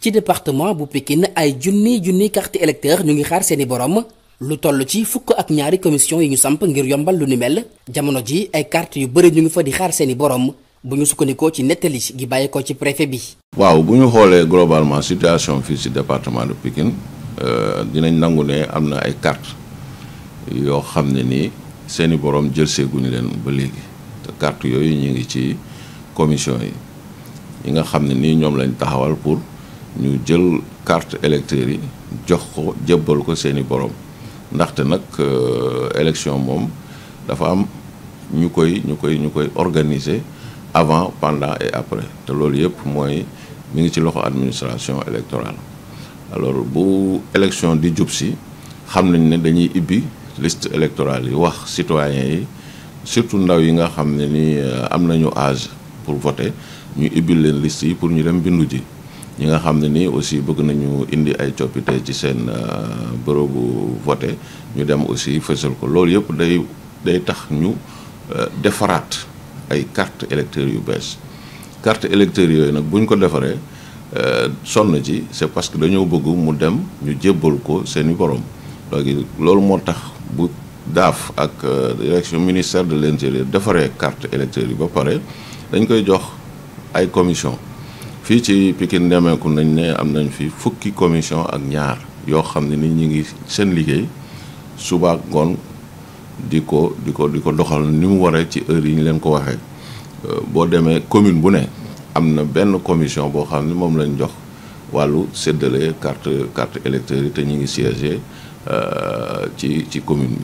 ci departement bu Pikine ay junni junni carte électeur ñu ngi xaar seeni borom lu toll ci fukk ak ñaari commission yi ñu samp ngir yombal lu ni mel jamono ji ay carte yu bari ñu ngi fa di xaar seeni borom bu ñu sukkandikoo ci nettali gi bàyyi ko ci préfet bi. waaw bu ñu xoolee globalement situation fii ci département de Pikine euh, dinañ nangu ne am na ay kart yoo xam ne nii seeni borom jël seeguñu leen ba léegi. te carte yooyu ñu ngi ci commission yi yi nga xam ne nii ñoom lañ taxawal pour ñu jël carte électeurs yi jox ko jébbal ko seeni borom ndaxte nag euh, élection moom dafa am ñu koy ñu koy ñu koy organiser avant pendant et après te loolu yëpp mooy mu ngi ci loxo administration électorale alors bu élection di jub si xam nañ ne dañuy ibbi liste électorale yi wax citoyen yi surtout ndaw yi nga xam ne ni euh, am nañu âge pour voter ñu ibbil leen liste yi pour ñu dem bindu ji ñi nga xam ne ni aussi bëgg nañu indi ay coppite ci seen euh, bërëbu voter ñu dem aussi fësal ko loolu yëpp day day tax ñu euh, defaraat ay carte électeur yu bees carte électeur yooyu nag buñ ko defaree sonn ci c'est parce que dañoo bëgg mu dem ñu jébbal ko seeni borom léegi loolu moo tax bu daaf ak euh, direction ministère de l'intérieur defaree carte électeur yi ba pare dañ koy jox ay commission fii ci Pikine demeeku nañ ne am nañ fi fukki commission ak ñaar yoo xam ne ni ñu ngi seen liggéey suba ak ngoon di ko di ko di ko doxal ni mu waree ci heure yi ñu leen ko waxee euh, boo demee commune bu ne am na benn commission boo xam ne moom lañ jox wàllu séddale carte carte électeur yi te ñu ngi siégé euh, ci ci commune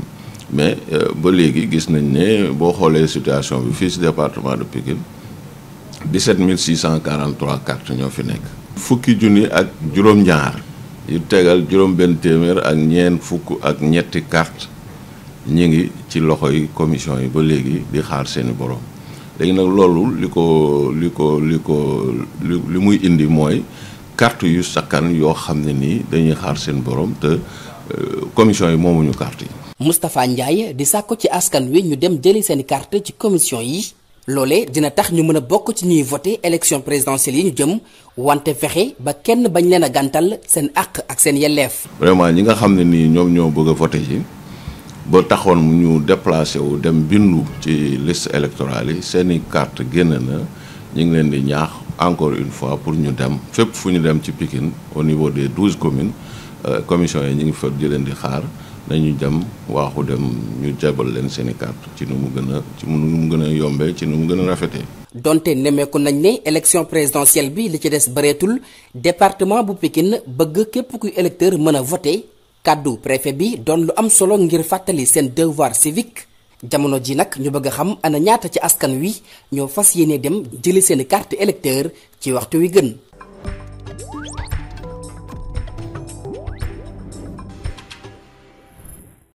mais euh, ba léegi gis nañ ne boo xoolee situation bi fii si département de Pikine 17 643 cartes ñoo fi nekk. fukki junni ak juróom-ñaar yu tegal juróom-benn téeméer ak ñeen fukk ak ñetti carte ñi ngi ci loxo yi commission yi ba léegi di xaar seeni borom léegi nag loolu li ko li ko li ko li muy indi mooy carte yu sakkan yoo xam ne nii dañuy xaar seen borom te euh, commission yi moomuñu carte yi. Moustapha Ndiaye di sàkku ci askan wi ñu dem jëli seen carte ci commission yi loole dina tax ñu mën a bokk ci ñuy voté élection présidentielle yi ñu jëm wante fexe ba kenn bañ leen a gàntal seen ak ak seen yelleef. vraiment ñi nga xam ne nii ñoom ñoo bëgg a yi ji ba taxoon ñu déplacé wu dem bindu ci liste électorale yi seeni carte génn na ñu ngi leen di ñaax encore une fois pour ñu dem fépp fu ñu dem ci Pikine au niveau des douze communes euh, commission yi ñu ngi fa di leen di xaar. nañu dem waaxu dem ñu jabal leen seen carte ci nu mu gën a ci nu mu gën yombee ci nu mu gën rafetee. donte nemmeeku nañ ne élection présidentielle bi li ci des bareetul département bu Pikine bëgg képp kuy électeur mën a voté kàddu préfet bi doon lu am solo ngir fàttali seen devoir civique jamono ji nag ñu bëgg a xam ana ñaata ci askan wi ñoo fas yéene dem jëli seeni i carte électeur ci waxtu wi gën.